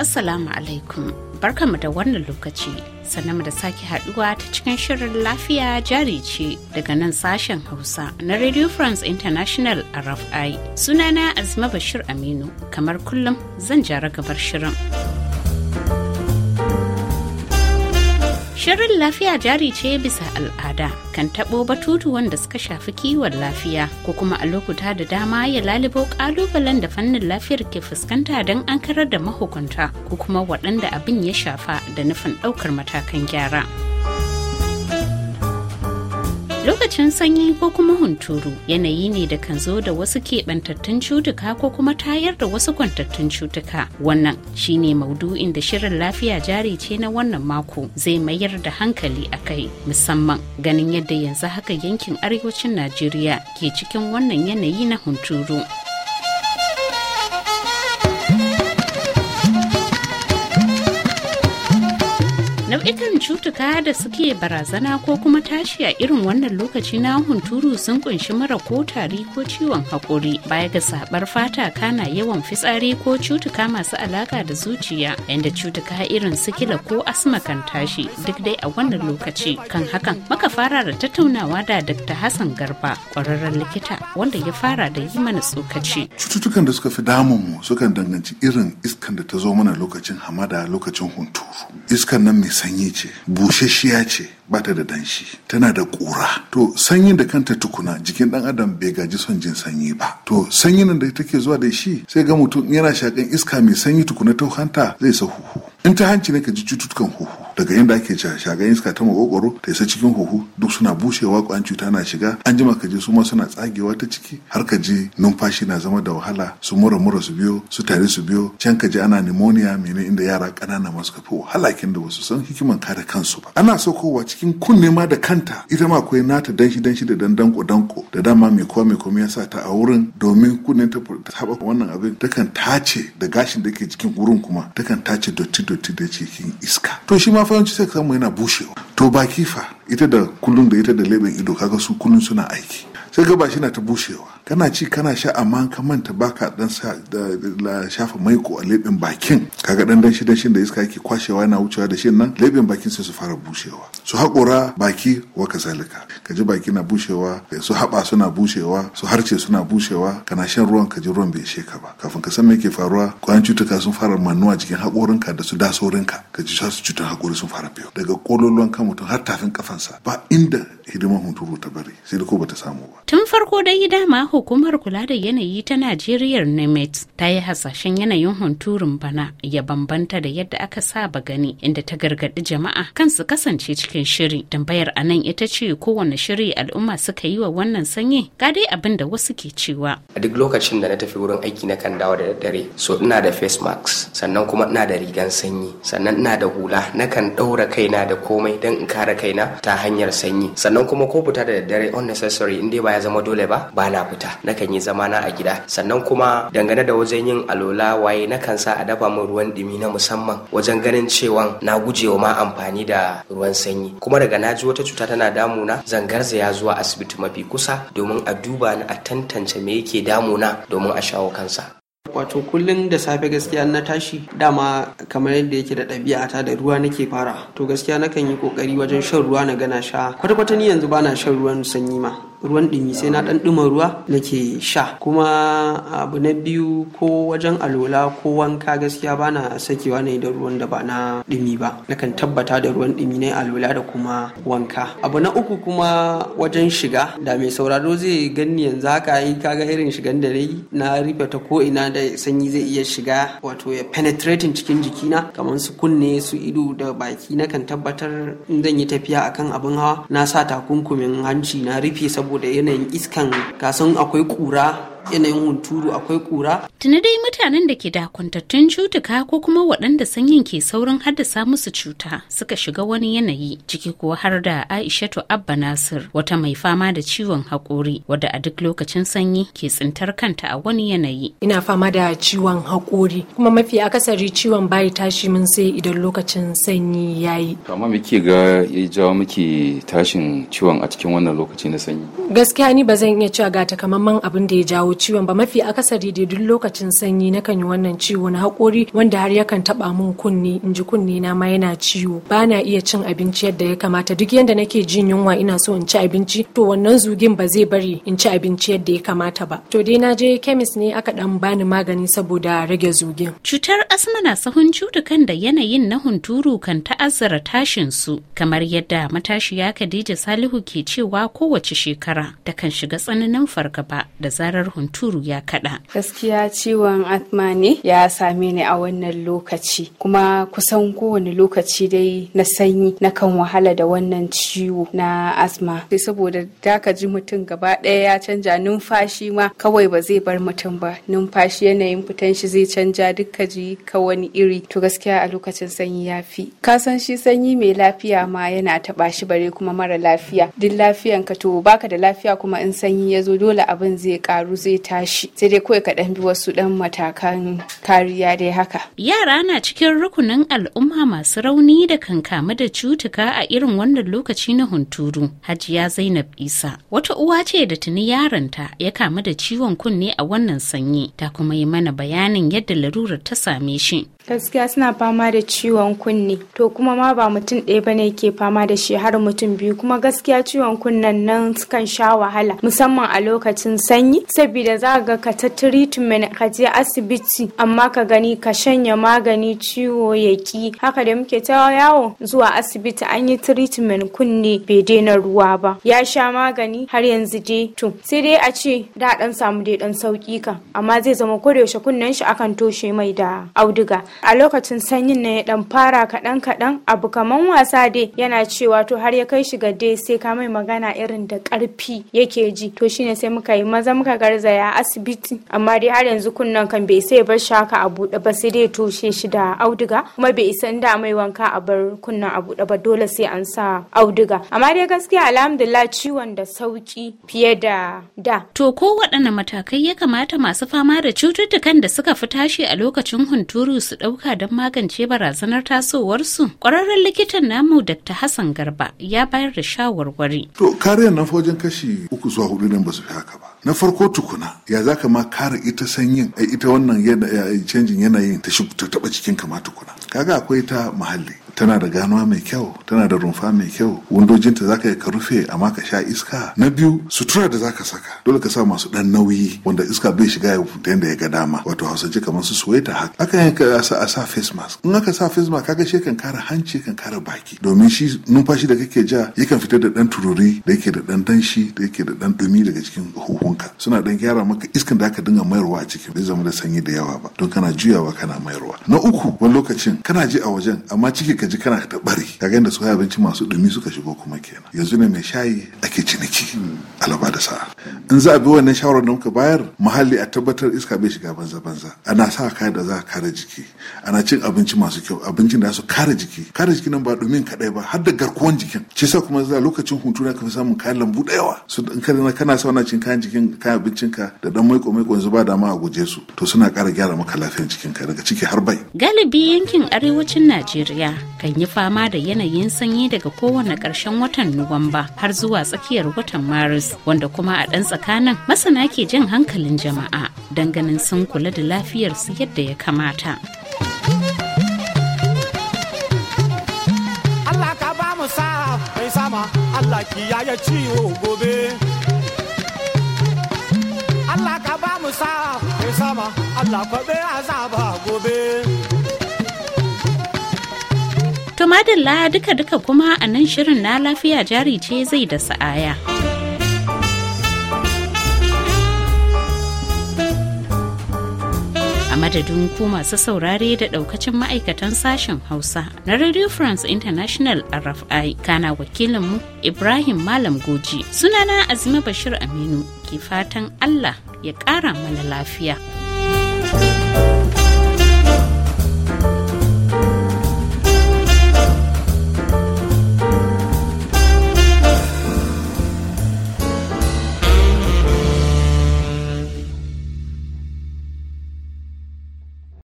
Assalamu alaikum. Barkanmu da wannan lokaci. sannanmu da sake haduwa ta cikin shirin lafiya jari ce daga nan sashen Hausa na Radio France International RFI. Sunana Azima Bashir Aminu, kamar kullum zan jara gabar shirin. Shirin lafiya jari ce bisa al'ada kan taɓo batutu wanda suka shafi kiwon lafiya ko kuma a lokuta da dama ya lalibo ƙalubalen da fannin lafiyar ke fuskanta don an da mahukunta ko kuma waɗanda abin ya shafa da nufin ɗaukar matakan gyara. lokacin sanyi ko kuma hunturu yanayi ne da kan zo da wasu keɓantattun cutuka ko kuma tayar da wasu kwantattun cutuka wannan shine maudu'in da shirin lafiya jari ce na wannan mako zai mayar da hankali a kai musamman ganin yadda yanzu haka yankin arewacin najeriya ke cikin wannan yanayi na hunturu. Nau'ikan cutuka da suke barazana ko kuma tashi a irin wannan lokaci na hunturu sun kunshi mara ko tari ko ciwon haƙori baya ga sabar fata kana yawan fitsari ko cutuka masu alaka da zuciya yadda cutuka irin sikila ko asma kan tashi duk dai a wannan lokaci kan hakan maka fara da tattaunawa da Dr. Hassan Garba ƙwararren likita wanda ya fara da yi mana tsokaci. Cututtukan da suka fi damun mu sukan danganci irin iskan da ta zo mana lokacin hamada lokacin hunturu. Iskan nan mai sanyi sanyi ce bushashiya ce ba da danshi tana da ƙura to sanyin da kanta tukuna jikin ɗan adam bai gaji son jin sanyi ba to sanyin nan da take zuwa da shi sai ga mutum yana shakan iska mai sanyi tukuna ta hanta zai sa huhu in ta hanci ne ka ji cututtukan huhu daga inda ake shagan iska ta makokoro ta isa cikin huhu duk suna bushewa kwayan cuta na shiga an jima ka ji su ma suna tsagewa ta ciki har ka ji numfashi na zama da wahala su mura mura su biyo su tare su biyo can ka ji ana pneumonia mene inda yara kanana masu kafi wahala kin da wasu san hikiman kare kansu ba ana so wa cikin kunne ma da kanta ita ma akwai nata danshi danshi da dandanko danko da dama mai kowa mai komai ya sa ta a wurin domin kunne ta taba wannan abin takan tace da gashin da ke cikin wurin kuma takan tace dotti dotti da cikin iska to shi ma faranci sai samu yana bushewa to baki fa ita da kullum da ita da leɓen ido kaga su kullum suna aiki sai gaba shi na ta bushewa kana ci kana sha amma ka manta baka dan shafa maiko a leɓen bakin kaga dan dan shidan shin da iska yake kwashewa yana wucewa da shin nan leɓen bakin sai su fara bushewa su haƙora baki wa kazalika ka ji baki na bushewa su haɓa suna bushewa su harce suna bushewa kana shan ruwan ka ji ruwan bai ishe ka ba kafin ka san me yake faruwa ƙwayan cutuka sun fara manuwa jikin haƙorinka da su dasorinka ka ji su cutar haƙori sun fara biyo daga kololuwan kan mutum har tafin kafansa ba inda hidimar hunturu ta bari sai da ko bata samu ba tun farko dai dama hukumar kula da yanayi ta Najeriya NEMET ta yi hasashen yanayin hunturun bana ya bambanta da yadda aka saba gani inda ta gargaɗi jama'a kan su kasance cikin shiri. Tambayar a nan ita ce kowane shiri al'umma suka yi wa wannan sanyi ga dai abin da wasu ke cewa. A duk lokacin da na tafi wurin aiki na kan dawo da daddare so ina da face mask sannan kuma ina da rigan sanyi sannan ina da hula na kan ɗaura kaina da komai don in kare kaina ta hanyar sanyi sannan kuma ko fita da daddare unnecessary in dai ba ya zama dole ba ba na fita. nakan yi zama na a gida sannan kuma dangane da wajen yin alola waye nakan sa a dafa min ruwan dumi na musamman wajen ganin cewa na gujewa ma amfani da ruwan sanyi kuma daga na ji wata cuta tana damuna zan ya zuwa asibiti mafi kusa domin a duba ni a tantance me yake na domin a shawo kansa wato kullum da safe gaskiya na tashi dama kamar yadda yake da ɗabi'a ta da ruwa nake fara to gaskiya nakan yi kokari wajen shan ruwa na gana sha kwata-kwata ni yanzu bana shan ruwan sanyi ma ruwan ɗumi sai na ɗan ɗuma ruwa nake sha kuma abu na biyu ko wajen alola ko wanka gaskiya ba na sakewa ne da ruwan da ba na ɗumi ba nakan tabbata da ruwan ɗumi ne alola da kuma wanka abu na uku kuma wajen shiga da mai sauraro zai gani yanzu haka yi kaga irin shigan da nayi na rufe ta ko ina da sanyi zai iya shiga wato ya penetrating cikin jikina kamar su kunne su ido da baki nakan tabbatar zan yi tafiya akan abin hawa na sa takunkumin hanci na rufe saboda saboda yanayin iskan kasan akwai kura yanayin hunturu akwai kura. Tuni dai mutanen da ke dakuntattun cutuka ko kuma waɗanda sanyin ke saurin haddasa musu cuta suka shiga wani yanayi ciki kuwa har da Aishatu Abba Nasir wata mai fama da ciwon haƙori wadda a duk lokacin sanyi ke tsintar kanta a wani yanayi. Ina fama da ciwon haƙori kuma mafi akasari ciwon bayi tashi min sai idan lokacin sanyi yayi. Amma Kama muke ga ya jawo muke tashin ciwon a cikin wannan lokaci na sanyi? Gaskiya ni ba zan iya cewa ga takamaiman abin da ya jawo ciwon ba mafi akasari da duk lokacin sanyi nakan yi wannan ciwo na haƙori wanda har yakan taɓa mun kunni in ji kunni na ma yana ciwo ba na iya cin abinci yadda ya kamata duk yadda nake jin yunwa ina so in ci abinci to wannan zugin ba zai bari in ci abinci yadda ya kamata ba to dai na je kemis ne aka dan bani magani saboda rage zugin cutar asma na sahun cutukan da yanayin na hunturu kan ta'azzara tashin su kamar yadda matashiya Khadija Salihu ke cewa kowace shekara kan shiga tsananin fargaba da zarar hunturu ya kaɗa. Gaskiya ciwon asma ne ya same ni a wannan lokaci kuma kusan kowane lokaci dai na sanyi na kan wahala da wannan ciwo na asma. Sai saboda daka ji mutum gaba ɗaya ya canja numfashi ma kawai ba zai bar mutum ba numfashi yanayin fitan shi zai canja dukka ji ka wani iri to gaskiya a lokacin sanyi ya fi. Ka san shi sanyi mai lafiya ma yana taɓa shi bare kuma mara lafiya. Duk lafiyanka to baka da lafiya kuma in sanyi ya zo dole abin zai ƙaru zai tashi sai dai kawai kaɗan bi wasu ɗan matakan kariya dai haka. Yara na cikin rukunin al'umma masu rauni da kan kamu da cutuka a irin wannan lokaci na hunturu. Hajiya Zainab Isa wata uwa ce da tuni yaronta ya kamu da ciwon kunne a wannan sanyi ta kuma yi mana bayanin yadda larurar ta same shi. gaskiya suna fama da ciwon kunne to kuma ma ba mutum ɗaya bane ke fama da shi har mutum biyu kuma gaskiya ciwon kunnen nan sukan sha wahala musamman a lokacin sanyi saboda za ga ka ta treatment ka je asibiti amma ka gani ka shanya magani ciwo ya ki haka da muke ta yawo zuwa asibiti an yi treatment kunne bai daina ruwa ba ya sha magani har yanzu dai to sai dai a ce da dan samu dai dan sauki ka amma zai zama kodayaushe kunnen shi akan toshe mai da auduga a lokacin sanyin na ya dan fara kaɗan kaɗan abu kaman wasa dai yana cewa to har ya kai shi ga dai sai ka mai magana irin da ƙarfi yake ji to shine sai muka yi maza muka garzaya asibiti amma dai har yanzu kunnan kan bai sai bar shaka a buɗe ba sai dai toshe shi da auduga kuma bai isa da mai wanka a bar kunnan a buɗe ba dole sai an sa auduga amma dai gaskiya alhamdulillah ciwon da sauki fiye da da to ko waɗanne matakai ya kamata masu fama da cututtukan da suka fi tashi a lokacin hunturu su ɗau ɗauka don magance barazanar tasowarsu? Ƙwararren likitan namu Dr. Hassan Garba ya bayar da shawarwari. To kariyar na wajen kashi uku zuwa hudu ne ba su fi haka ba. Na farko tukuna ya za ka ma kare ita sanyin eh, ita wannan eh, eh, canjin yanayin ta taɓa cikin kama tukuna. Kaga akwai ta muhalli. tana da ganuwa mai kyau tana da rumfa mai kyau windojinta za ka yi ka rufe amma ka sha iska na biyu sutura da za ka saka dole ka sa masu ɗan nauyi wanda iska bai shiga ya fita yadda ya ga dama wato hausance kamar su suwaita haka aka yi a sa face mask in aka sa face mask kaga shi kan kara hanci kan kara baki domin shi numfashi da kake ja yakan fitar da dan tururi da yake da dan danshi da yake da dan dumi daga cikin huhunka suna ɗan gyara maka iskan da aka dinga mayarwa a cikin bai zama da sanyi da yawa ba don kana juyawa kana mayarwa na uku wani lokacin kana ji a wajen amma ciki ka ji kana da bari kaga da su abinci masu dumi suka shigo kuma kenan yanzu ne mai shayi ake ciniki alaba da sa. in za a bi wannan shawarar da muka bayar muhalli a tabbatar iska bai shiga banza banza ana sa kaya da za a kare jiki ana cin abinci masu kyau abincin da su kare jiki kare jiki nan ba dumin kadai ba har da garkuwan jikin shi sa kuma za lokacin hutu na kafi samun kayan lambu da yawa su in kana kana sa cin kayan jikin kayan abincinka da dan maiko maiko yanzu ba dama a guje su to suna kara gyara maka lafiyar jikinka daga ciki har bai galibi yankin arewacin Najeriya kan yi fama da yanayin sanyi daga kowane ƙarshen watan Nuwamba har zuwa tsakiyar watan Maris wanda kuma a ɗan tsakanin masana ke jan hankalin jama'a don ganin sun kula da lafiyarsu yadda ya kamata. Allah ka ba mu sa mai sama Allah kiyaye ciwo gobe. Allah ka ba mu sa mai sama Allah kwabe azaba gobe. To madalla duka-duka kuma a nan shirin na lafiya jari ce zai da sa'aya. A madadin ku masu saurare da daukacin ma'aikatan sashen hausa na radio france international rfi kana mu ibrahim malam goji sunana azima bashir aminu ke fatan allah ya kara mana lafiya.